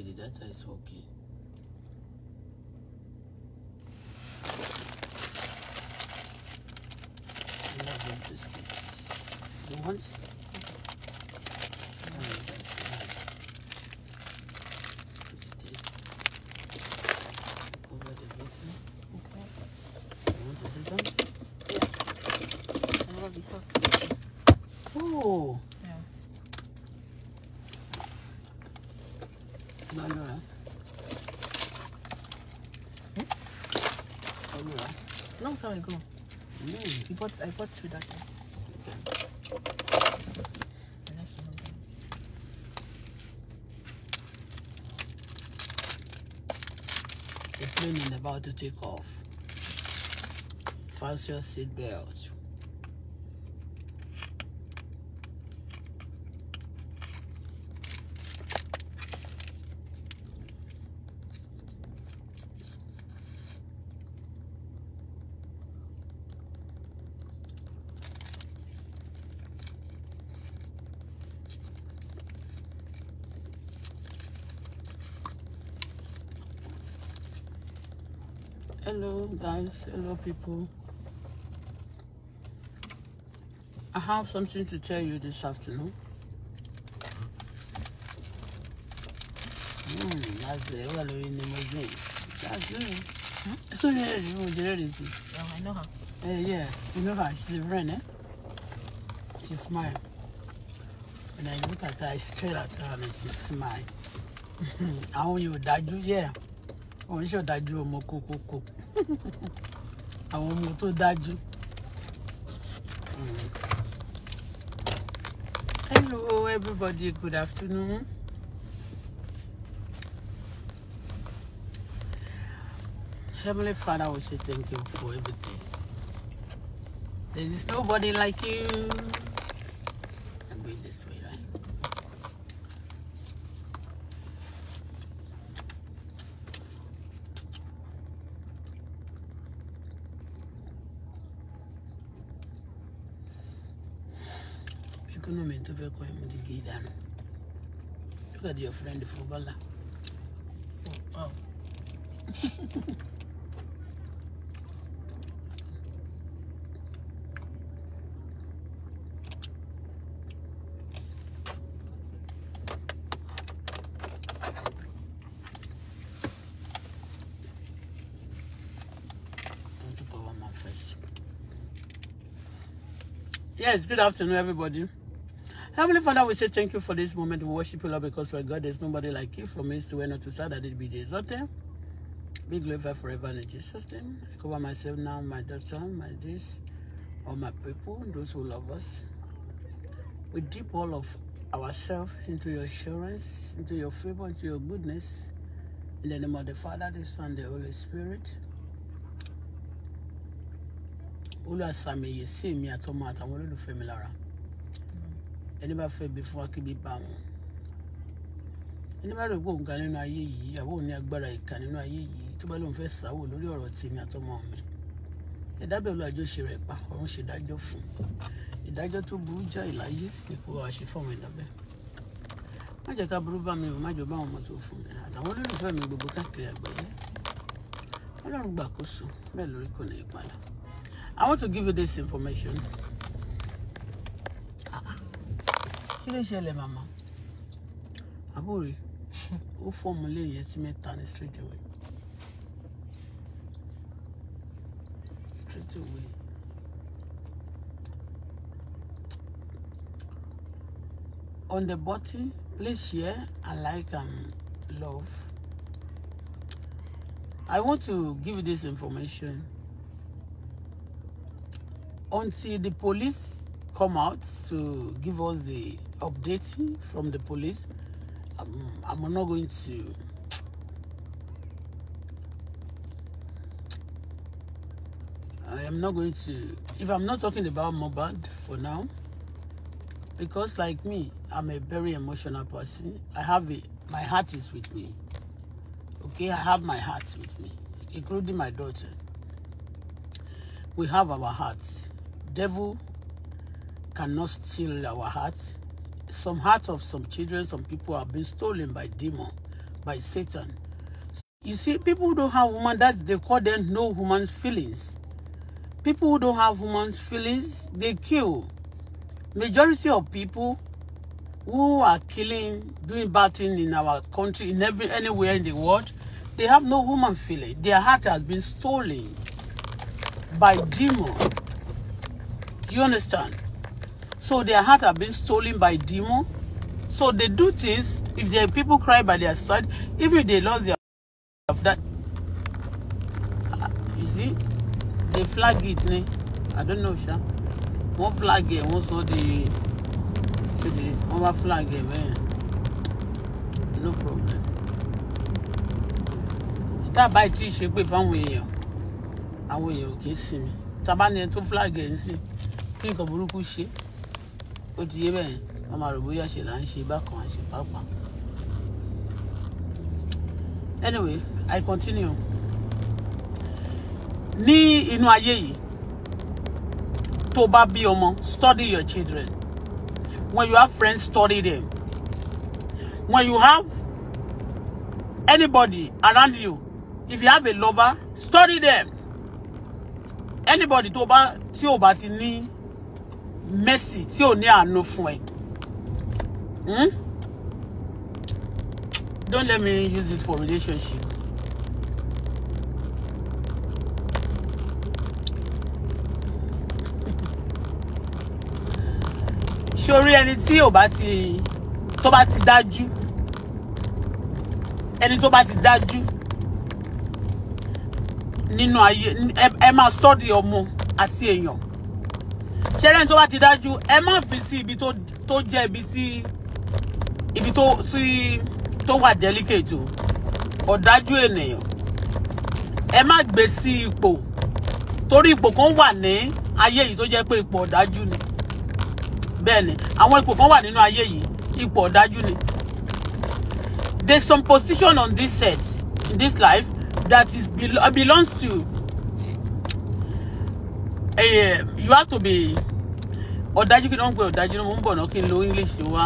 okay the data is okay love biscuits you want bought I bought two that time. The plane is about to take off. Fasten your seatbelt. hello guys hello people i have something to tell you this afternoon mm, that's the in the museum that's good huh? Hmm? oh, i know her uh, yeah you know her she's a friend eh? she smile when i look at her i stare at her and she smile how you dad you yeah wọn ṣọdájú ọmọ kókókó àwọn ọmọ tó dájú. Hello everybody, good afternoon. Heavenly Father, we say thank you for everything. There is nobody like you. I'm going this way. inú mi tó fẹ́ kọ́ ẹ̀ mo ti gé e look at your friend Fubala oh, oh. Yes, good afternoon, everybody. Heavenly Father, we say thank you for this moment. We worship you, Lord, because for God, there's nobody like you. For me, we to not to say that it be exalted. Be glorified forever in Jesus' name. I cover myself now, my daughter, my this, all my people, those who love us. We dip all of ourselves into your assurance, into your favor, into your goodness. In the name of the Father, the Son, the Holy Spirit. olùwàsàmì yìí sí èmi àtọmọ àtàwọn olólùfẹ́ ẹni bá fẹ́ bí fún akébí bá wọn ẹni bá rò pé nínú ayé yìí àbó ní agbára ìka nínú ayé yìí tó bá lóun fẹ́ sáwò lórí ọ̀rọ̀ tèmi àtọmọ mi ẹ̀dá bẹ̀rù àjọṣe rẹ̀ pa ọ̀run ṣèdájọ́ fún ìdájọ́ tó burú jáì láyé nípò àṣẹ fọmọ ẹ̀dá má jẹ́ ká burú bá mi ò má jọ bá àwọn ọmọ tó fún mi àtàwọn olólùfẹ́ mi gbogbo káàkiri àgbáyé ọlọ́run gbàkóso bẹ́ẹ̀ lórí kò ní ìpalà I want to give you this information. kí ló ṣẹlẹ̀ màmá àbúrò ó fọ́ọ̀mù léyìn ẹtí mẹ́ta ní straight away straight away on the button, please share and like and um, love I want to give you this information until the police come out to give us the updating from the police. I'm, I'm not going to. I am not going to. If I'm not talking about Mobad for now, because like me, I'm a very emotional person. I have my heart is with me. Okay, I have my heart with me, including my daughter. We have our hearts. Devil cannot steal our hearts some hearts of some children, some people have been stolen by demon, by Satan. You see, people who don't have woman, that's they call them no woman's feelings. People who don't have woman's feelings, they kill. Majority of people who are killing, doing bad thing in our country, in every anywhere in the world, they have no woman feeling. Their heart has been stolen by demon. You understand? So their heart have been stolen by demon. So they do things. If their people cry by their side, even if they lost their of that, ah, you see, they flag it. Ne? I don't know, Sha. One flag it, one so the, one flag it, man. No problem. Start by T-shirt ì ṣe pé fáwọn èèyàn àwọn èèyàn ò kì í sinmi flag ẹ̀ See, think of nǹkan burúkú ó ti yé bẹ́ẹ̀ wọ́n máa rò bóyá ṣe là ń ṣe bákan àṣẹ pápá. anyway i continue ní inú ayé yìí tó bá bí ọmọ study your children when you have friends study them when you have anybody around you if you have a lover study them anybody tó bá tí ò bá ti ní mercy tí ò ní àánú fún ẹ. Hmm? Don't let me use it for relationship. Ṣorí ẹni tí ò bá ti tó bá ti dájú ẹni tó bá ti dájú nínú aye. ẹ máa study ọmọ àti èèyàn ṣẹ́rẹ́ tó bá ti dájú ẹ má fi sí ibi tó jẹ́ ibi tí ibi tó wà delicate o ọ̀dájú ènìyàn ẹ má gbé sí ipò torí ipò kan wà ní ayé yìí tó jẹ́ pé ipò ọ̀dájú ni bẹ́ẹ̀ ni àwọn ipò kan wà nínú ayé yìí ipò ọ̀dájú ni there's some position on this set, in this life that is belo belongs to uh, you have to be ọ̀dájú kí ni wọ́n ń pè ọ̀dájú ni mo ń bọ̀ náà kí n lo english wa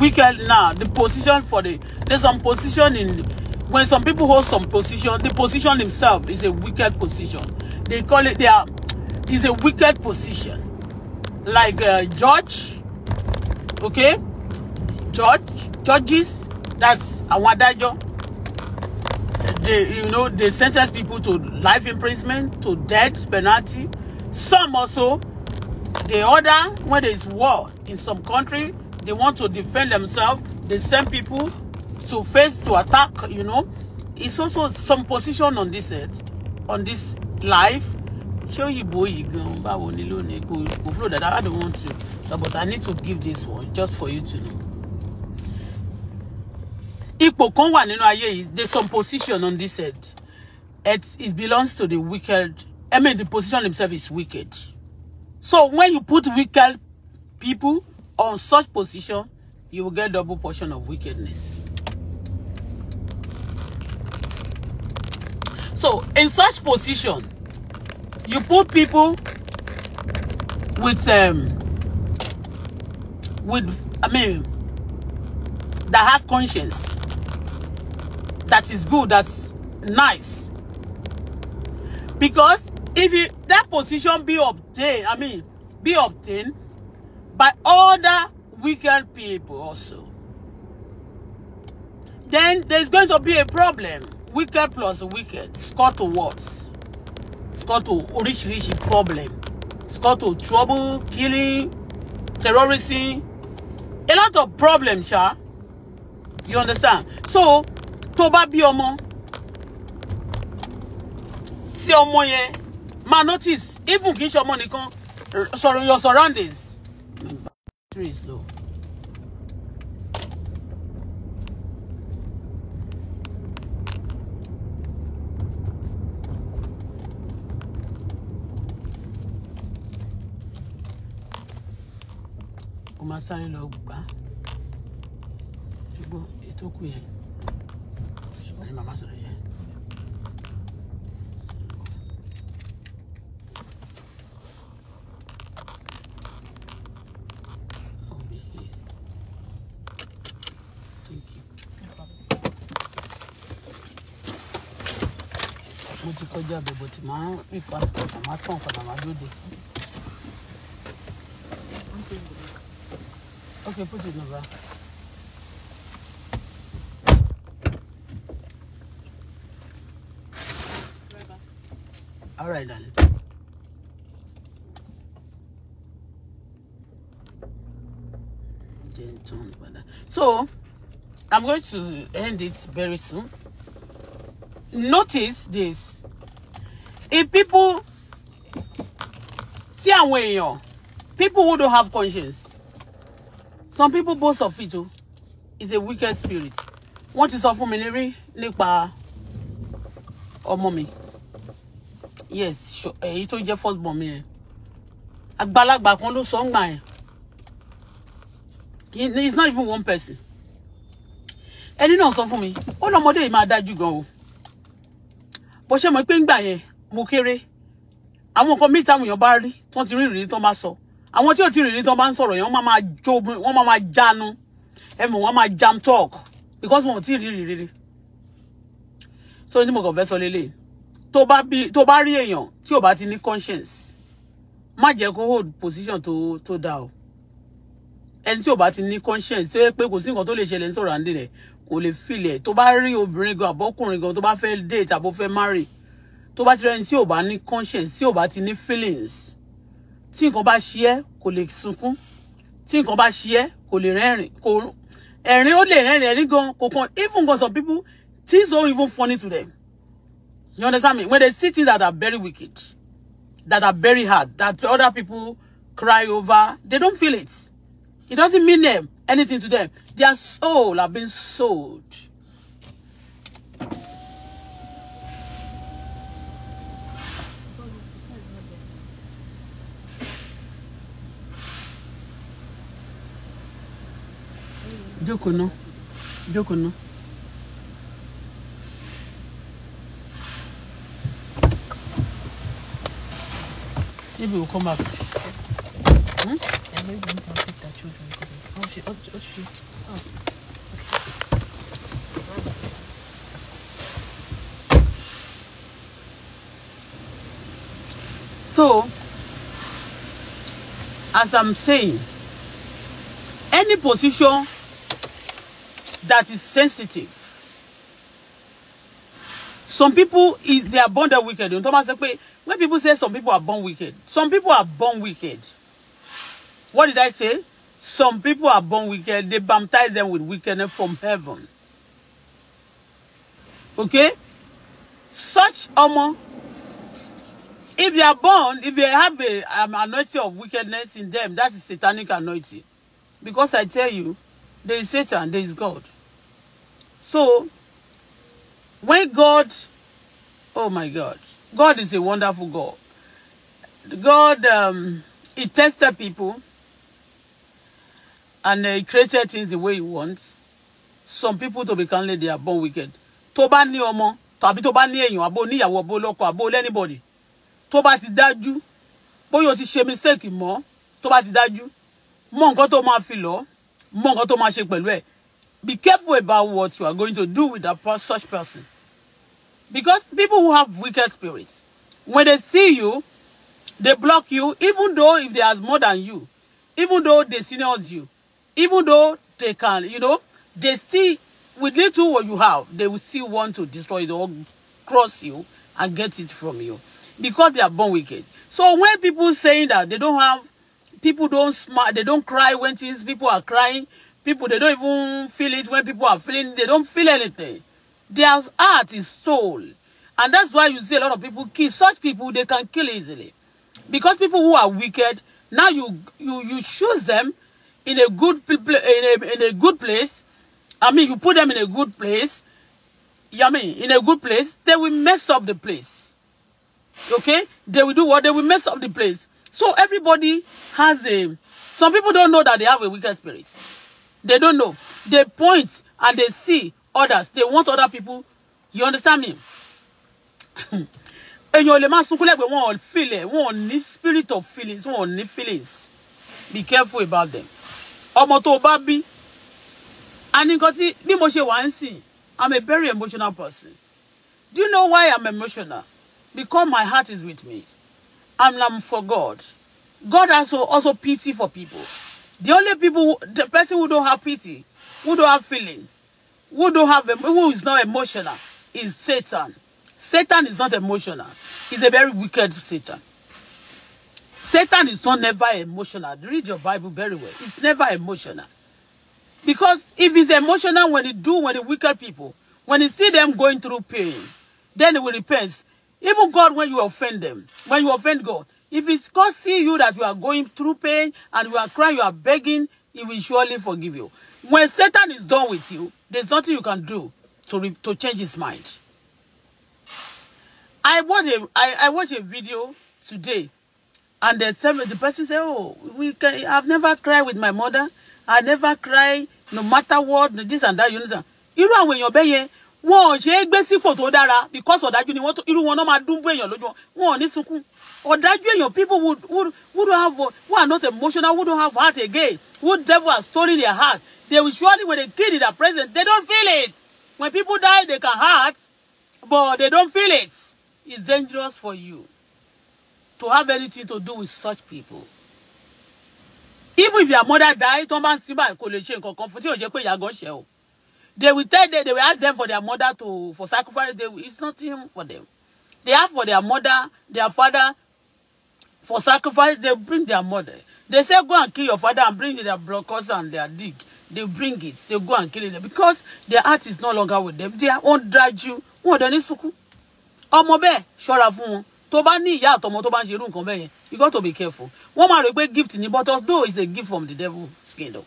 wicked now the position for the there's some position in when some people hold some position the position himself is a wicked position they call it their is a wicked position like uh, judge okay judge judges that's àwọn adájọ́ they you know they sentence people to life imprisonment to death penalty Some also, they order when there is war in some country, they want to defend themselves, they send people to face to attack, you know. It's also some position on this earth, on this life. Show you boy, gan báwo I don't want to but I need to give this one just for you to know. ipò kan wà nínú ayé yìí there's some position on this earth it, it belongs to the wicked I mean, the position himself is wicked. So when you put wicked people on such position, you will get double portion of wickedness. So in such position, you put people with um with I mean that have conscience that is good that's nice because if you, that position be obtained, I mean, be obtained by other wicked people also, then there's going to be a problem. Wicked plus wicked, score to what? Score rich, rich problem. Score to trouble, killing, terrorism, a lot of problems, sha. You understand? So, toba bá bí ọmọ, tí ọmọ máa notice even kì í ṣe ọmọ nìkan sorry your surroundings. battery is low. mo máa sáré lọ gbà á ṣùgbọ́n ètò kù yẹn ṣùgbọ́n ní màmá sọ̀rọ̀ yẹn. lọ́jọ́ àbẹ̀bọ̀ tí màá rí passport màá tàn padà màá lóde. Okay, put it over. All right, darling. So, I'm going to end it very soon. Notice this if people see tí àwọn èèyàn people who don't have conscience some people boast of it too. is a wicked spirit wọ́n ti sọ fún mi lérí nípa ọmọ mi yes èyí tó first born mi yẹn àgbàlagbà kan ló sọ ń gbà yẹn it's not even one person ẹni náà sọ fún mi ó lọmọdé yìí máa dájú gan o bó ṣe mọ̀ pé ń gbà mo kéré àwọn nǹkan míì táwọn èèyàn bá rí tán ti rìnrìn tán bá sọ àwọn tí ò ti rìnrìn tán bá ń sọ̀rọ̀ yẹn wọ́n máa jó wọ́n máa máa jánu ẹ mọ̀ máa jam talk because wọn ò tí ì rí rírì so ní mo kàn fẹ́ sọ lélẹ̀ tó bá bí tó bá rí èèyàn tí ò bá ti ní conscience má jẹ́ kó hold position tó tó dá o ẹni tí ò bá ti ní conscience tó yẹ pé kò sí nǹkan tó lè ṣẹlẹ̀ ní sọ̀rọ̀ àǹdí rẹ̀ kò lè filẹ̀ tó bá rí obìnrin gan àbọ́kùnrin gan tó bá fẹ́ date àbó fẹ́ marry tó bá ti rẹ́ni tí ò bá ní conscience tí ò bá ti ní feelings tí nǹkan bá ṣe ẹ́ kò lè sunkún tí nǹkan bá ṣe ẹ́ kò lè rẹ́rìn kò ẹ̀rín ó lè rẹ́rìn ẹ̀rín gan kò even because some people things don't even funny to them you understand me when they see things that are very wicked that are very hard that other people cry over they don't feel it it doesn't mean them anything to them their soul have been sold. jókòó ná jókòó ná. Maybe we'll come back. Hmm? And So, as I'm saying, any position that is sensitive. Some people is they are born that wicked. Ohun tó máa when people say some people are born wicked, some people are born wicked. What did I say? Some people are born wicked. They baptize them with wickedness from heaven. Okay? Such ọmọ, if they are born, if they have a um, anointing of wickedness in them, that is satanic anointing. Because I tell you, there is Satan, there is God. So, when God, oh my God, God is a wonderful God. God, um, He tested people and uh, He created things the way He wants. Some people to be kindly, they are born wicked. Tó bá ní ọmọ, tàbí tó bá ní èèyàn, àbó níyàwó, àbó lọ́kọ, anybody. Tó bá ti dájú, bóyá o ti ṣe mistake mo tó bá ti dájú, mọ nǹkan tó máa fi lọ, mọ nǹkan tó Be careful about what you are going to do with that such person. Because people who have wicked spirits, when they see you, they block you, even though if they are more than you, even though they seniors you, even though they can, you know, they still, with little what you have, they will still want to destroy it or cross you and get it from you because they are born wicked. So when people saying that they don't have, people don't smile, they don't cry when things, people are crying, People, they don't even feel it when people are feeling, they don't feel anything. Their heart is stole, And that's why you see a lot of people kill. Such people, they can kill easily. Because people who are wicked, now you, you, you choose them in a good in a, in a good place. I mean, you put them in a good place. I mean, in a good place, they will mess up the place. Okay? They will do what? They will mess up the place. So everybody has a... Some people don't know that they have a wicked spirit. They don't know. They point and they see others. They want other people. You understand me? And lè máa sunkún lẹ́gbẹ̀ẹ́ wọn ò feel ẹ̀ wọn spirit of feelings wọn ò ní feelings. Be careful about them. Ọmọ tó o bá bí. A ní nǹkan tí bí I'm a very emotional person. Do you know why I'm emotional? Because my heart is with me. I'm for God. God has also pity for people. The only people, the person who don't have pity, who don't have feelings, who don't have, who is not emotional, is Satan. Satan is not emotional. He's a very wicked Satan. Satan is not never emotional. Read your Bible very well. It's never emotional. Because if he's emotional when he do, when the wicked people, when he see them going through pain, then he will repent. Even God, when you offend them, when you offend God, If it's causing you that you are going through pain and you are crying, you are begging, he will surely forgive you. When Satan is done with you, there's nothing you can do to, to change his mind. I watched a, I, I watched a video today and the, the person said, oh, we can, I've never cried with my mother. I never cry no matter what, this and that, you know Irú àwọn when you're begging, wọn ò ṣe é gbé sípò tó dára because ọ̀dájú ni wọ́n irú wọn náà máa dún bú èèyàn lójú wọn, wọn ò ní ọ̀dájú èèyàn people would would would have who are not emotional would have heart again who devil has stolen their heart they will surely when they kill in their presence they don't feel it when people die they can hurt but they don't feel it it's dangerous for you to have anything to do with such people. even if your mother die tó máa ń sin báyìí kò lè fún tí ò jẹ́ pé ìyàgàn ṣe o they will tell them they will ask them for their mother to for sacrifice they will, it's nothing for them they ask for their mother their father for sacrifice, they bring their mother. They say, go and kill your father and bring their blockers and their dig. They bring it. They go and kill it. Because their heart is no longer with them. They won't drag you. Wọ́n dẹ̀ ní sunkún. Ọmọ bẹ́ẹ̀ ṣọ́ra fún wọn. Tó bá ní ìyá àtọmọ you got to be careful. Wọ́n máa rò pé gift ni but although it's a gift from the devil's kingdom.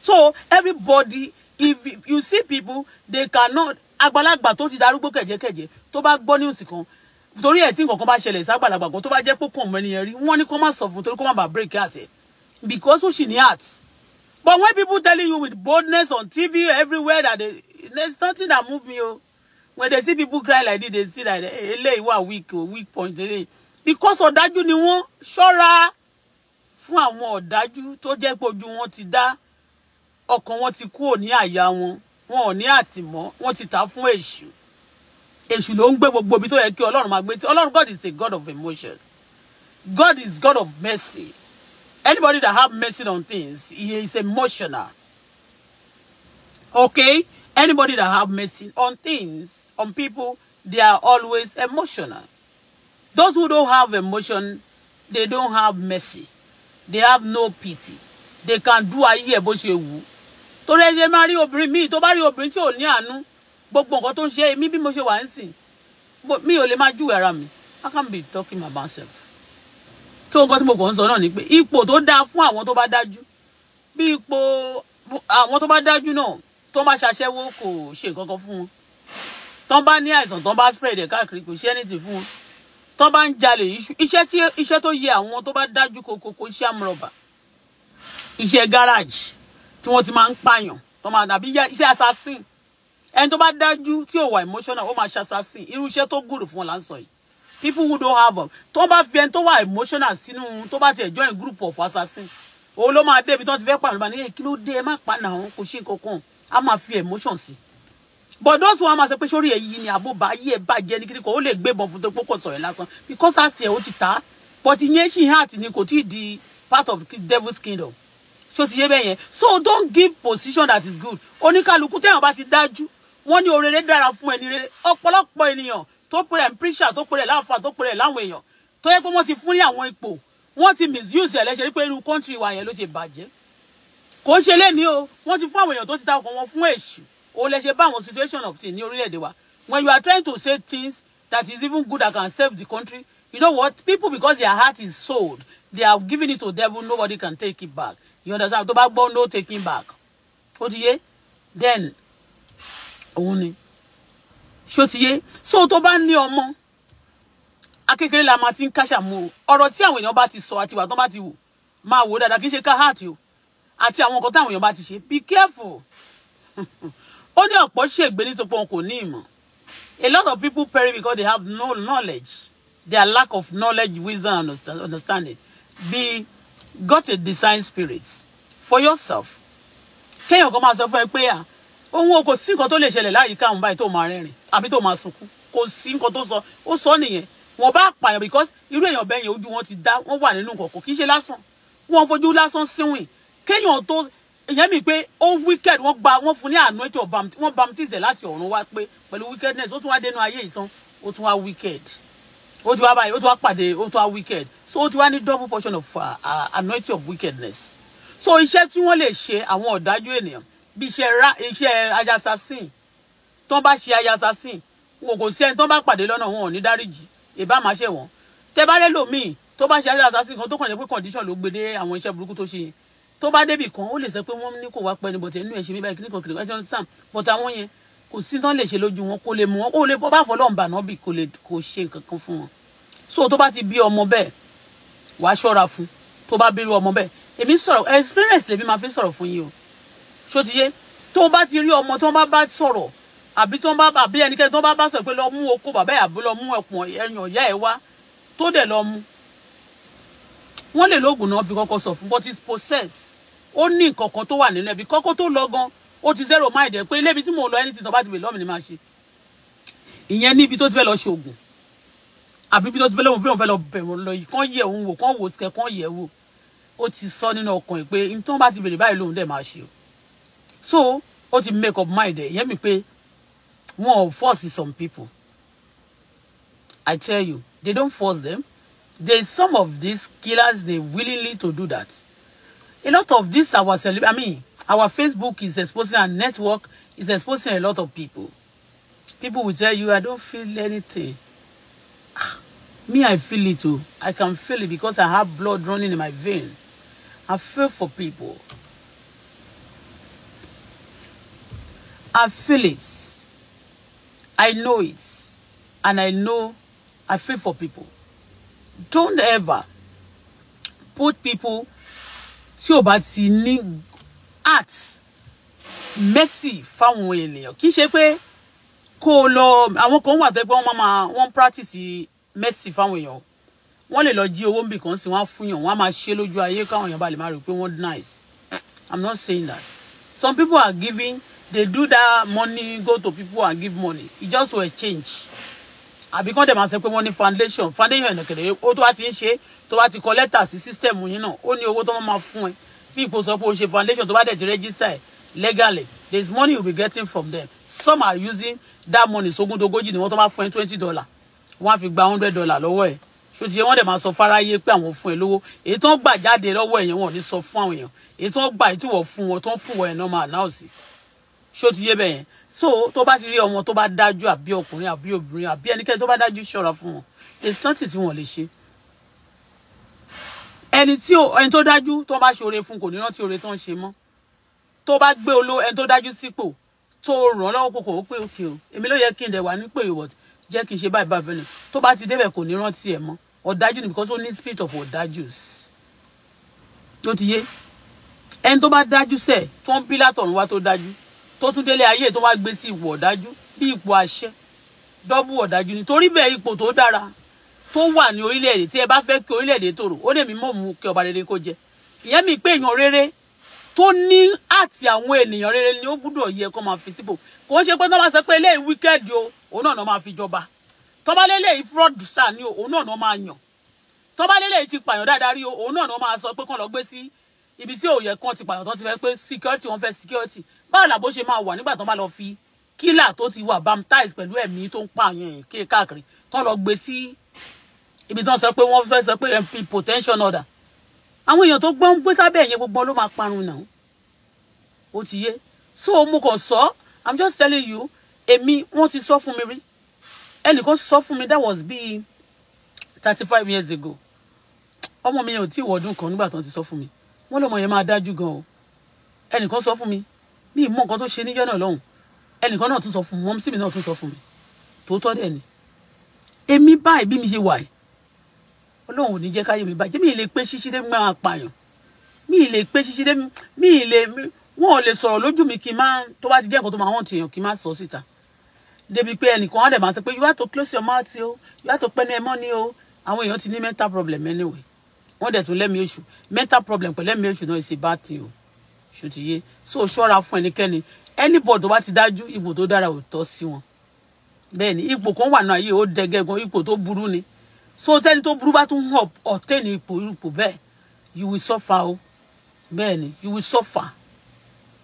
So everybody, if you see people, they cannot àgbàlagbà tó ti darúgbó kẹ̀jẹ̀kẹ̀jẹ̀ tó bá gbọ́ ní òsì torí ẹ̀ tí nǹkan bá ṣẹlẹ̀ ságbàlagbà kan tó bá jẹ́ pé kàn mọ́ ẹnìyẹn rí wọ́n ní kó má sọ fún torí kó má bàa break heart ẹ̀ because ó sì heart but when people telling you with boldness on TV everywhere that they, is nothing that move me o oh. when they see people cry like this they see that eh, eléyìí wà weak o oh, weak point eléyìí because ọ̀dájú ni wọ́n ṣọ́ra fún àwọn ọ̀dájú tó jẹ́ pé ojú wọn ti dá ọkàn wọn ti kúrò ní àyà wọn wọn ò ní àtìmọ́ wọn ti tà fún èṣù èṣù ló ń gbé gbogbo ibi tó yẹ kí ọlọ́run máa gbé tí ọlọ́run God is a God of emotion God is God of mercy anybody that have mercy on things he is emotional okay anybody that have mercy on things on people they are always emotional those who don't have emotion they don't have mercy they have no pity they can do ayé ẹ bó ṣe wù torí ẹ ṣe máa rí obìnrin míì tó bá rí obìnrin tí ò ní àánú gbogbo nǹkan tó ń ṣe èmi bí mo ṣe wà ń sìn mi ò lè máa júwe ara mi I can't be talking about myself tó nǹkan tí mo kàn ń sọ náà ni pé ipò tó dáa fún àwọn tó bá dájú bí ipò àwọn tó bá dájú náà tó bá ṣaṣẹ́wó kò ṣe nǹkan kan fún wọn tó bá ní àìsàn tó bá spread ẹ̀ káàkiri kò ṣe anything fún wọn tó bá ń jalè iṣẹ́ tí iṣẹ́ tó yẹ àwọn tó bá dájú kokoko iṣẹ́ amúrọ̀bà iṣẹ́ garage tí wọ́n ti máa ń pààyàn tó máa dàbí iṣẹ́ assassin ẹni tó bá dájú tí ò wà emotional ó máa ṣàṣàṣì irú iṣẹ́ tó gùn fún wọn là ń sọ yìí people who don't have them tó bá fi ẹni tó wà emotional sínú tó bá tiẹ̀ join group of assassin òun ló máa dé ibi tó ti fẹ́ pàrọ̀ bá ní kí ló dé ẹ má pa nà kò ṣe nǹkan kan á máa fi emotion sí but those who are ma sọ pé sórí èyí ni ye ba ẹ ni ní kíríkọ ó lè gbébọn fún tó pọ̀ sọ̀rọ̀ lásán because àti ẹ̀ ó ti ta but ìyẹn ṣì hàn ni kò tí di part of devil's kingdom ṣó ti yé bẹ́ẹ̀ yẹn so don't give position that is good oníkálukú tẹ́wọ̀n bá ti dájú wọ́n ní orere dára fún ẹni rere ọ̀pọ̀lọpọ̀ ènìyàn tó pèrè píríṣà tó pèrè láàfà tó pèrè láwọn èèyàn tó yẹ pé wọ́n ti fún ní àwọn ipò wọ́n ti misuse ẹ̀ lẹ́sẹ̀ rí pé irú kọ́ńtì wa yẹn ló ṣe bàjẹ́ kò ń ṣe léni o wọ́n ti fún àwọn èèyàn tó ti ta ọkàn wọn fún èṣù o lè ṣe bá àwọn situation of things ní orílẹ̀-èdè wa when you are trying to say things that is even good that can save the country you know what people because their heart is sold they have given it to devil nobody can take it back you understand tó bá gbọ́ no taking back ó ti yé then òun ni ṣó so tó bá ní ọmọ akékeré la máa ti ń káṣàmú o ọ̀rọ̀ tí àwọn èèyàn bá ti sọ àti ìwà tó bá ti wù máa wò dáadáa kì í ṣe ká heart o àti àwọn nǹkan táwọn èèyàn bá ti ṣe be careful ó ní ọ̀pọ̀ ṣègbè nítorí wọn kò ní ìmọ̀ a lot of people pray because they have no knowledge their lack of knowledge wisdom and understanding be got a design spirit for yourself kéèyàn kan máa sọ fún ẹ pé ah ohun kò sí nǹkan tó lè ṣẹlẹ̀ láyìíká òun báyìí tó máa rẹ́rìn àbí tó máa sunkún kò sí nǹkan tó sọ ó sọ nìyẹn wọn bá pààyàn because irú èèyàn bẹ́ẹ̀ yẹn ojú wọn ti dá wọn wà nínú kọ̀ọ̀kan kì í ṣe lásán wọn fojú lásán síwìn kéèyàn tó ìyẹn mi pé ó wicked wọn gba wọn fún ní àánú ẹjọ wọn bamtize láti ọ̀run wá pé pẹ̀lú wickedness ó tún wá dénú ayé ìsan ó tún wá wicked ó ti wá báyìí ó ti wá pàdé ó ti wá wicked so ó ti wá ní double portion of uh, uh, anointing of wickedness so iṣẹ́ tí wọ́n lè ṣe àwọn ọ̀dájú ènìyàn bí iṣẹ́ ra iṣẹ́ ayasasin tó bá ṣe ayasasin wọn kò sí ẹni tó bá pàdé lọ́nà wọn ò ní dáríjì ìbá máa ṣe wọn tẹ bá rẹ lòmíì tó bá ṣe ayasasin kan tó kàn jẹ́ pé condition ló gbé dé àwọn iṣẹ́ burúkú tó ṣe tó bá débì kan ó lè sọ pé wọ́n ní kò wá pẹ́ ni bọ̀tẹ̀ inú ẹ̀ ṣe mí báyìí kíníkan kìlọ̀ ẹ̀jọ̀ sam bọ̀tẹ̀ àwọn yẹn kò sí tán lè ṣe lójú wọn kò lè mú wọn kò lè bá fọlọ́ǹbà náà bì kò lè kò ṣe nǹkan kan fún wọn so tó bá ti bí ọmọ bẹ́ẹ̀ wàá ṣọ́ra fún tó bá bí ọmọ bẹ́ẹ̀ èmi sọ̀rọ̀ experience lèmi máa fi sọ̀rọ̀ fún yín o ṣó ti yé tó bá ti rí ọmọ tó bá bá sọ̀rọ̀ àbí tó bá àbí ẹnikẹ́ni tó bá bá sọ̀rọ̀ pé lọ mú oko bàbá yàbí lọ mú ẹ̀pọ̀n ẹ̀yàn ìyá ẹ̀ wá tó dẹ̀ lọ mú wọ́n lè lóògùn náà fi kọ́kọ́ sọ fún but it's possess ó ní nǹkan kan tó wà nínú ẹbí kọ́kọ́ tó lọ gan ó ti zero mind ẹ̀ pé ilé ibi tí mò lọ ẹni tí tọ́ bá ti bè lọ́mìn máa ṣe ìyẹn níbi tó ti fẹ́ lọ ṣe òògùn àbí bí tó ti fẹ́ lọ́wọ́ fẹ́ràn lọ bẹ̀rù lọ yìí kán yẹ̀ òun wò kán wò kẹ́kán yẹ̀ wò ó ti sọ nínú ọkàn ẹ̀ pé ní bá ti bèrè báyìí lòun dẹ̀ máa ṣe o so ó ti make up mind ẹ̀ yẹ́n me pé wọn ò force some people i tell you they don't force them there's some of these killers they willingly to do that a lot of this our celeb i mean our facebook is exposing our network is exposing a lot of people people will tell you i don't feel anything ah, me i feel it too i can feel it because i have blood running in my vein i feel for people I feel it. I know it. And I know I feel for people. Don't ever put people to ò bad ti ní art mercy fáwọn ènìyàn kì í ṣe pé kó o lọ àwọn kan wà tẹ́gbẹ́ wọ́n máa practice mercy fáwọn èèyàn wọ́n lè lọ jí owó nbì kan sí wọ́n á fún yàn wọ́n á máa ṣe lójú ayé káwọn èèyàn bá lè má rí nice I'm not saying that some people are giving they do that money go to people and give money e just to change. àbí kán dẹ̀ máa sọ pé wọ́n ní foundation foundation ẹ̀nàkẹ̀dẹ̀ ó tó bá ti ń ṣe tó bá ti kọ lẹ́tà sí system yín náà ó ní owó tó máa fún ẹ bí ipò sọ pé o ṣe foundation tó bá dẹ̀ ti register legally there is money you be getting from them some are using that money sógúndógójì ni wọ́n tó bá fún ẹ twenty dollar wọ́n á fi gba hundred dollar lọ́wọ́ ẹ̀ ṣó ti yẹ wọ́n dẹ̀ máa sọ fáráyé pé àwọn fún ẹ lówó èyí tó ń gbà jáde lọ́wọ́ ẹ̀yẹn wọn ò ní sọ fún àwọn èèyàn èyí tó ń gbà èyí tí wọ́n fún wọn tó ń fún wọn ẹ̀ náà máa náà sí ṣó ti yé bẹ́yẹn so tó bá ti rí ọmọ tó bá dájú àbí ọkùnrin àbí obìnrin àbí ẹnikẹ́ni tó bá dájú ṣọ́ra fún wọn ìsítọ́ǹtì tí wọ́n lè ṣe ẹni tí ẹni tó dájú tó bá ṣoore fún kò ní rántí oore tó ń ṣe mọ́ tó bá gbé olówó ẹni tó dájú sípò tó ràn lọ́wọ́ kò kò ó pé òkè o èmi ló yẹ kí n dẹ̀ wà nípò ìwọ̀ jẹ́ kí n ṣe báyìí báyìí fẹ́lẹ̀ tó bá ti débẹ̀ kò ní rántí ẹ̀ mọ́ ọ̀dájú ni because ó ní spirit of ọ̀dájús tó ti yé ẹni tó bá dájú sẹ̀ tó ń bí látọ̀run wá tó dájú tó tún délé ayé tó wá gbé sí ipò ọ̀dájú bí ipò àṣẹ dọ́bù ọ̀dájú ni torí bẹ́ẹ̀ ipò tó dára tó wà ní orílẹ̀-èdè tí ẹ bá fẹ́ kí orílẹ̀-èdè tòrò ó lè mí mọ̀ mú kí ọba rere kó jẹ ìyẹn mi pé èèyàn rere tó ní àti àwọn ènìyàn rere ni ó gbúdọ̀ yẹ kó máa fi sípò kò ń ṣe pé tó bá sọ pé eléyìí wíkẹ́ẹ̀dì o òun náà náà máa fi jọba tó bá léléyìí fúrọ́dù sáà ni òun náà náà máa yàn tó bá léléyìí ti pààyàn dáadáa rí o òun náà náà máa sọ pé kàn lọ gbé sí ibi tí ò yẹ ti pààyàn tó ti fẹ́ pé security wọn fẹ́ security báwo làbó ṣe máa wà nígbà tó bá lọ fi kílà tó ti wà baptize pẹ̀lú ẹ̀mí tó ń pààyàn káàkiri tó lọ gbé sí ibi tó ń sọ pé wọ́n fẹ́ sọ pé mp potential order àwọn èèyàn tó gbọ́ ń gbé sábẹ́ yẹn gbogbo ló máa parun náà ó ti yé so mo kàn sọ i'm just telling you èmi wọ́n ti sọ fún mi rí ẹnìkan sọ fún mi that was bíi thirty five years ago ọmọ mi yẹn ò tí ì wọ́dún kan nígbà tó ń ti sọ fún mi wọ́n lọ́mọ yẹn máa dájú gan o ẹnìkan sọ fún mi mi ì mọ nǹkan tó ṣe níjọ́ náà lọ́hùn ẹnìkan náà tún sọ fún mi wọn sì mi náà tún sọ fún mi tòótọ́ dẹ̀ ni èmi báyìí bí mi ṣe wà yìí ọlọ́run ò ní jẹ́ káyé mi bàjẹ́ mi ì lè pé ṣíṣí dé máa pààyàn mi ì lè pé ṣíṣí dé mi ì lè wọn ò lè sọ̀rọ̀ lójú mi kí n má tó bá ti jẹ́ nǹkan tó máa wọ́n ti yàn kí n má sọ síta débi pé ẹnìkan á dẹ̀ máa sọ pé you have to close your mouth o you have to pẹ́nu ẹ mọ́ ni o àwọn èèyàn ti ní mental problem anyway wọ́n dẹ̀ tún lẹ́mi oṣù mental problem pẹ̀lú ẹ̀mí oṣù náà is a bad thing o ṣòtìyé so ṣọ́ra fún ẹnikẹ́ni anybody tó bá ti dájú ipò tó dára ò tọ́ sí wọn bẹ́ẹ̀ ni ipò kan wà náà yìí ó dẹgẹ́ gan ipò tó burú ni so tẹ́ni tó burú bá tún hàn ọ̀tẹ́ni ipò ipò bẹ́ẹ̀ you will suffer o bẹ́ẹ̀ ni you will suffer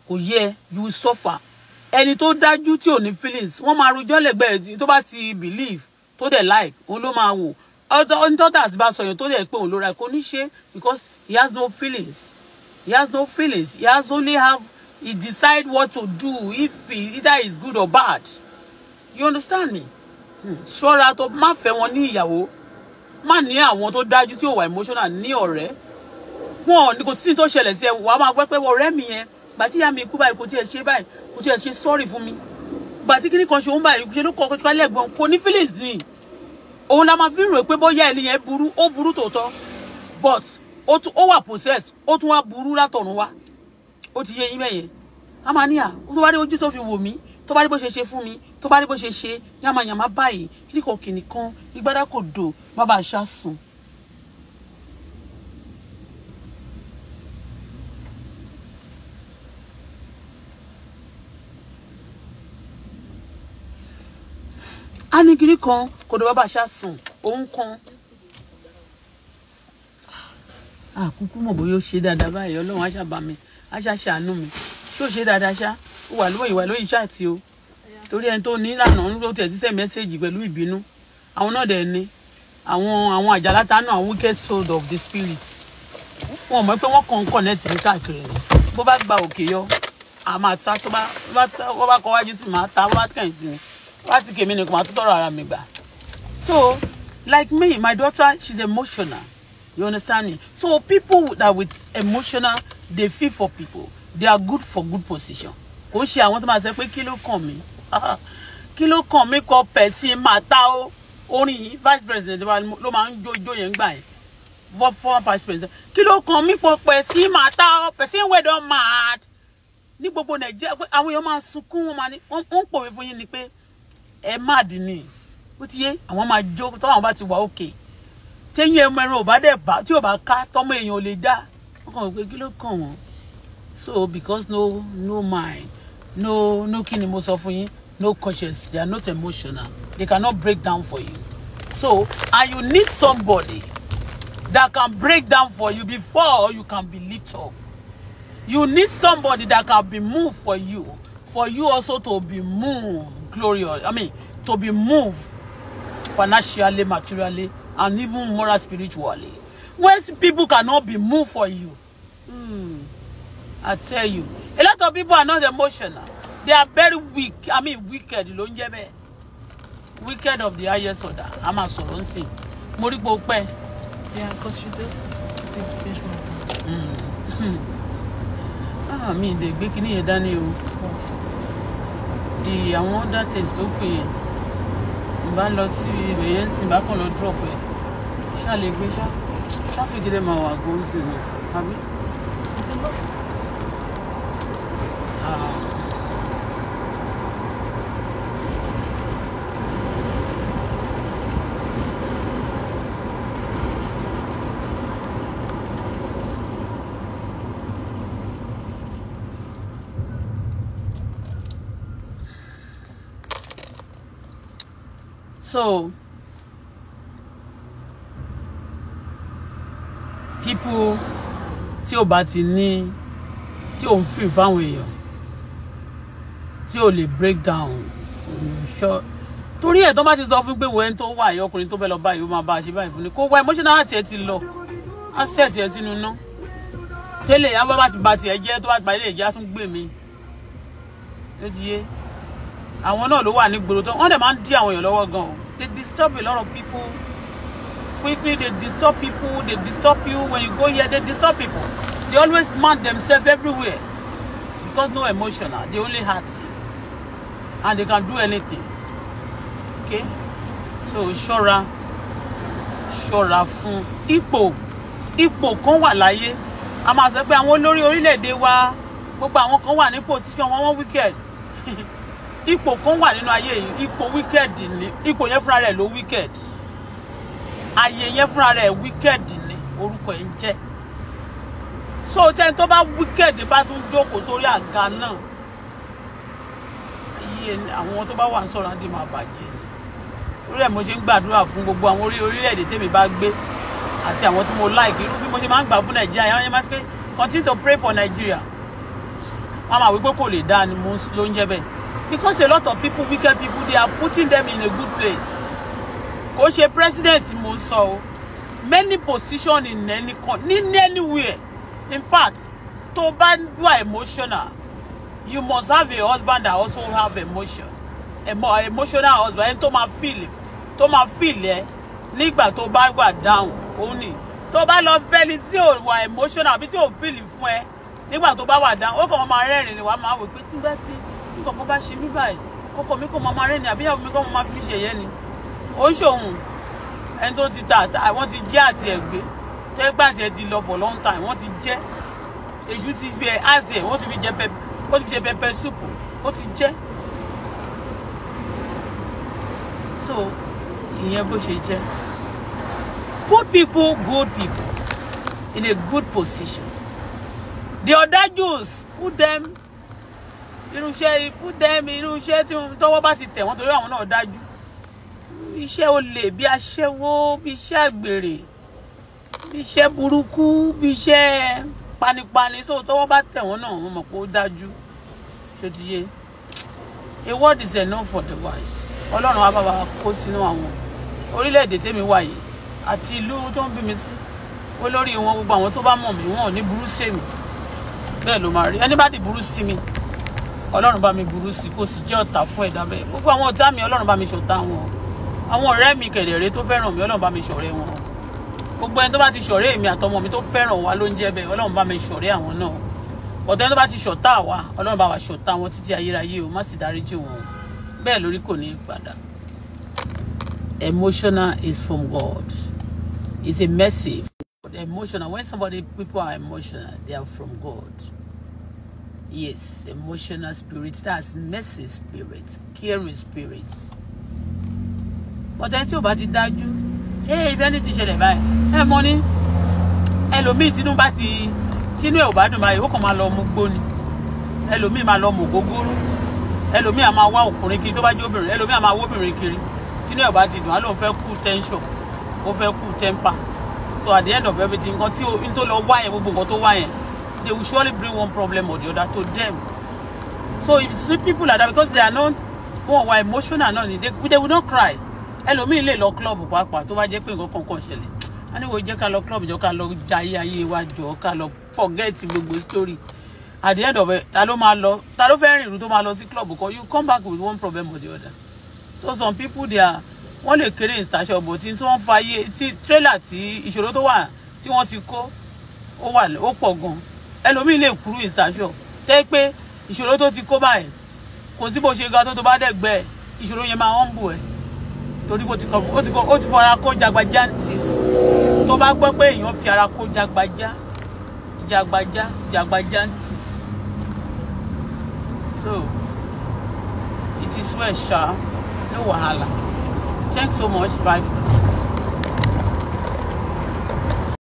kò yẹ you will suffer ẹni tó dájú tí ò ní feelings wọ́n máa rojọ́ lẹ́gbẹ̀ẹ́ tó bá ti believe tó dẹ̀ like òun ló máa wò ọ̀tọ̀ ọ̀tọ̀ àti bá sọ̀yàn tó dẹ̀ pé òun ló ra kò ní ṣe because he has no feelings He has no feelings. He has only have he decide what to do if he, either is good or bad. You understand me? Hmm. Ṣọ́ra tó má fẹ́ wọn ní ìyàwó. Má ní àwọn tó dájú tí ò wà emotional ní ọ̀rẹ́. Wọ́n ni kò sí tó ṣẹlẹ̀ sí ẹ wàá máa pẹ́ pé ọ̀rẹ́ mi yẹn. Gbàtí ìyá mi kú báyìí kò tiẹ̀ ṣe báyìí kò tiẹ̀ ṣe sọ́ọ̀rì fún mi. Gbàtí kíní kan ṣe òun báyìí ṣe ló kọ́ kálẹ̀ gbọ̀n kò ní feelings ni. Òun la máa fi rò pé bóyá ẹni yẹn burú ó burú tòótọ́ but ó tún ó wà process ó tún wá burú látọ̀run wá ó ti yé yín bẹ́yẹn a máa ní à tó bá rí ojú tó fi wò mí tó bá rí bó ṣe ṣe fún mi tó bá rí bó ṣe ṣe yàmàyàmà báyìí kíríkọ̀ kìnìkan ìgbádá kò dò má bàa ṣá a ní kiri kan kò dò bá bàa òun kan àkúkú ah, mọ̀ bóyá ó ṣe dáadáa báyìí ọlọ́run aṣàbà mi aṣàṣàánú mi ṣó ṣe dáadáa ṣá ó wà lóyè wà lóyè ṣáàtì o torí ẹni tó ní lànà ń lò tẹ̀ sísẹ̀ mẹ́sẹ̀gì pẹ̀lú ìbínú àwọn náà dẹ̀ ni àwọn àwọn àjàlá àwọn wicked soul of the spirit wọn mọ̀ pé wọ́n kàn ń connect ní káàkiri ni bó bá gba òkè yọ a máa ta tó bá wọ́n bá kọ́ wájú sí máa ta wọ́n bá kàn sí mi wọ́n ti kèmí nìkan máa tó tọrọ ara mi gbà so like me my daughter she's emotional You understand me? So people that with emotional, they feel for people. They are good for good position. Kò ṣe àwọn tó máa sọ pé kí ló kàn mí? Ah, kí ló kàn mí kọ pẹ̀sì máa ta ó? Orin vice president wa ló máa ń jójó yẹn gbà yẹn. Former vice president. Kí ló kàn mí kọ pẹ̀sì máa ta ó? Pẹ̀sì wey don mad. Ní gbogbo Nàìjíríà àwọn èèyàn máa sunkún wọn máa ní wọ́n ń pòwe fún yín ni pé ẹ má dì ní. Ó ti yé àwọn máa jó tó àwọn bá ti wà òkè. Okay tẹ́yìn ẹmọ ẹran ò bá dẹ̀ bá tí ò bá ká tọ́mọ èèyàn ò lè dá wọ́n kàn wọ́n kí ló kàn wọ́n so because no no mind no no kí ni mo sọ fún yín no conscience they are not emotional they cannot break down for you so and you need somebody that can break down for you before you can be lift up you need somebody that can be moved for you for you also to be moved glorious i mean to be moved financially materially and even moral spiritually when people cannot be moved for you mm, i tell you a lot of people are not emotional they are very weak i mean wicked ló wicked of the highest order a máa sọ̀rọ̀ ń sìn mo rí pé o pẹ́. yeah cause you just big fish mouth. ah mi lè gbé kinní yẹn dání o di àwọn other things tó pè é n bá lọ sí ibẹ̀ yẹn ń sìn drop it ṣàlègbé ṣá tráfíkì dẹ̀ máa wà gbóhùn sí mi àbí. So kálukú tí ò bá ti ní tí ò ń fi fáwọn èèyàn tí ò lè break down torí ẹ̀ tó bá ti sọ fún pé wẹ́n tó wà yìí ọkùnrin tó fẹ́ lọ báyìí ó máa bá a ṣe báyìí fún ni kó wá emotional àti ẹ ti lọ asset ẹ sínú ná tẹ́lẹ̀ yàrá bá ti ba tiẹ̀ jẹ́ tó bá ti ba ilé ìjà tún gbé mi ló ti yé àwọn náà ló wà ní gbòòrò tó wọ́n dẹ̀ máa ń dí àwọn èèyàn lọ́wọ́ gan they disturb a lot of people quickly they disturb people they disturb you when you go here they disturb people they always mad themselves everywhere because no emotional ah. they only hurt you and they can do anything okay so ṣọ́ra ṣọ́ra fún Ipo, ipò kan wà láyé a máa sọ pé àwọn olórí orílẹ̀-èdè wa gbogbo àwọn kan wà ní position wọn wọ́n wicked ipò kan wà nínú ayé yìí ipò wicked Ipo ipò yẹn fúnra wicked ààyè yẹn fúnra rẹ̀ wicked ni orúkọ yẹn jẹ́ so tẹ́ni tó bá wicked bá tún jókòó sórí àga náà ayé àwọn tó bá wà ń sọ̀rọ̀ àdé máa bàjẹ́ orí ẹ̀ mo ṣe ń gbàdúrà fún gbogbo àwọn orí orílẹ̀-èdè tèmi bá gbé àti àwọn tí mo like irú bí mo ṣe máa ń gbà fún nàìjíríà yẹn wọ́n yẹn máa ṣe pé continue to pray for Nigeria wọ́n máa wí pé kò lè dáa ni mo ló ń jẹ́ bẹ́ẹ̀ because a lot of people wicked people they are putting them in a good place kò ṣe president mo sọ o many position in any country anywhere in fact tó bá wà emotional you must have a husband that also have emotion Emo emotional husband ẹni tó máa feel tó máa feel eh? nígbà tó bá wà down Only ni tó bá lọ fẹ́ni tí ò emotional àbí tí ò feel fún ẹ nígbà tó bá wà down ó kàn máa rẹ́rìn ni wàá máa wò pé tí gbà tí tí nǹkan kan bá ṣe mí báyìí ọkọ mi kò máa rẹ́rìn àbí ìyàwó mi ko máa fi mí ṣe ni ó ṣòun ẹni tó ti ta àtà wọ́n ti jẹ́ àti ẹ̀gbẹ́ tẹ́gbà tiẹ̀ ti lọ for long time wọ́n ti jẹ́ èṣù ti fi ẹ̀ àti ẹ̀ wọ́n ti fi jẹ pẹpẹ ó ti fi jẹ pẹpẹ súpù ó ti jẹ́ so ìyẹn bó ṣe jẹ́ put people good people in a good position the other Jews put them irúṣẹ́ put them irúṣẹ́ tí wọ́n tọ́wọ́ bá ti tẹ̀ wọ́n torí àwọn náà dájú bí iṣẹ́ olè bí aṣẹ́wó bí iṣẹ́ àgbèrè bí iṣẹ́ burúkú bí iṣẹ́ panipani so tọ́wọ́ bá tẹ̀ wọ́n náà wọ́n mọ̀ pé ó dájú ṣòtíye a word is enough for the wise ọlọ́run wa bàbá kó sínú àwọn orílẹ̀-èdè tèmi wà yìí àti ìlú tó ń bí mi sí olórí wọn gbogbo àwọn tó bá mọ̀ mí wọn ò ní burú sí èmi bẹ́ẹ̀ ló máa rí ẹni bá di burú sí mi ọlọ́run bá mi burú sí kó sì jẹ́ ọ̀tá fún ẹ̀dá bẹ́ẹ̀ gbogbo àwọn ọ̀tá mi ọlọ́run bá mi ṣọ̀tá wọn àwọn ọ̀rẹ́ mi kẹ̀lẹ̀rẹ́ tó fẹ́ràn mi ọlọ́run bá mi ṣọ̀rẹ́ wọn gbogbo ẹni tó bá ti ṣọ̀rẹ́ èmi àtọmọ mi tó fẹ́ràn wa ló ń jẹ́ bẹ́ẹ̀ ọlọ́run bá mi ṣọ̀rẹ́ àwọn náà ọ̀tọ̀ ẹni tó bá ti ṣọ̀tá wa ọlọ́run bá wa ṣọ̀tá wọn títí ayérayé o má sì dáríjì wọn bẹ́ẹ̀ lórí kò ní í padà emotional is from God it's a mercy from God emotional when somebody people are emotional they are from God yes emotional spirit that's mercy spirit caring spirit ọ̀tẹ̀ tí ò bá ti dájú ìfẹ́ eh, ní ti ṣẹlẹ̀ báyìí ẹ eh, mọ ní ẹlòmíì tínú bá ti tínú ẹ̀ ò bá dùn báyìí ó kàn máa lọ mú gbóni ẹlòmíì máa lọ mú gógóró ẹlòmíì á máa wá ọkùnrin kiri tó bá jẹ́ obìnrin ẹlòmíì á máa wá obìnrin kiri tínú ẹ̀ ò bá ti dùn á lóun fẹ́ kú tension ó fẹ́ kú temper so at the end of everything nǹkan tí n tó lọ wá yẹn gbogbo nǹkan tó wá yẹn they will surely bring one problem or the other to them so if sweet people like that because they are not wọn wà emotional náà ni they, they will not cry ẹlòmíín lè lọ klọ́ọ̀bù pàápàá tó bá jẹ́ pé nǹkan kan ṣẹlẹ̀ a ní wo jẹ́ ká lọ klọ́ọ̀bù jọ ká lọ jayé ayé wa jọ ká lọ fọ̀gẹ́ẹ̀tì gbogbo story at the end of it ta ló máa lọ ta ló fẹ́ rìn ìrù tó máa lọ sí club kan you come back with one problem or the other so some people there are wọ́n lè kéré ìsàṣọ bọ̀ tí wọ́n fa iye tí tírélà tí ìṣòro tó wà tí wọ́n ti kó ó wà ó pọ̀ gan ẹlòmíì lè kúrú ìsàṣọ tẹ́ pé ìṣòro tó ti kó báyìí kò sí bó ṣe ga tó tó bá dẹ̀ gbẹ ìṣòro yẹn máa ń bù ẹ́ torí ó ti kọ ó ti kọ ó ti fọra kó jagbaja ntis tó bá gbọ́ pé èèyàn fi ara kó jagbaja jagbaja jagbaja ntis so it is well sha no wahala thanks so much bye.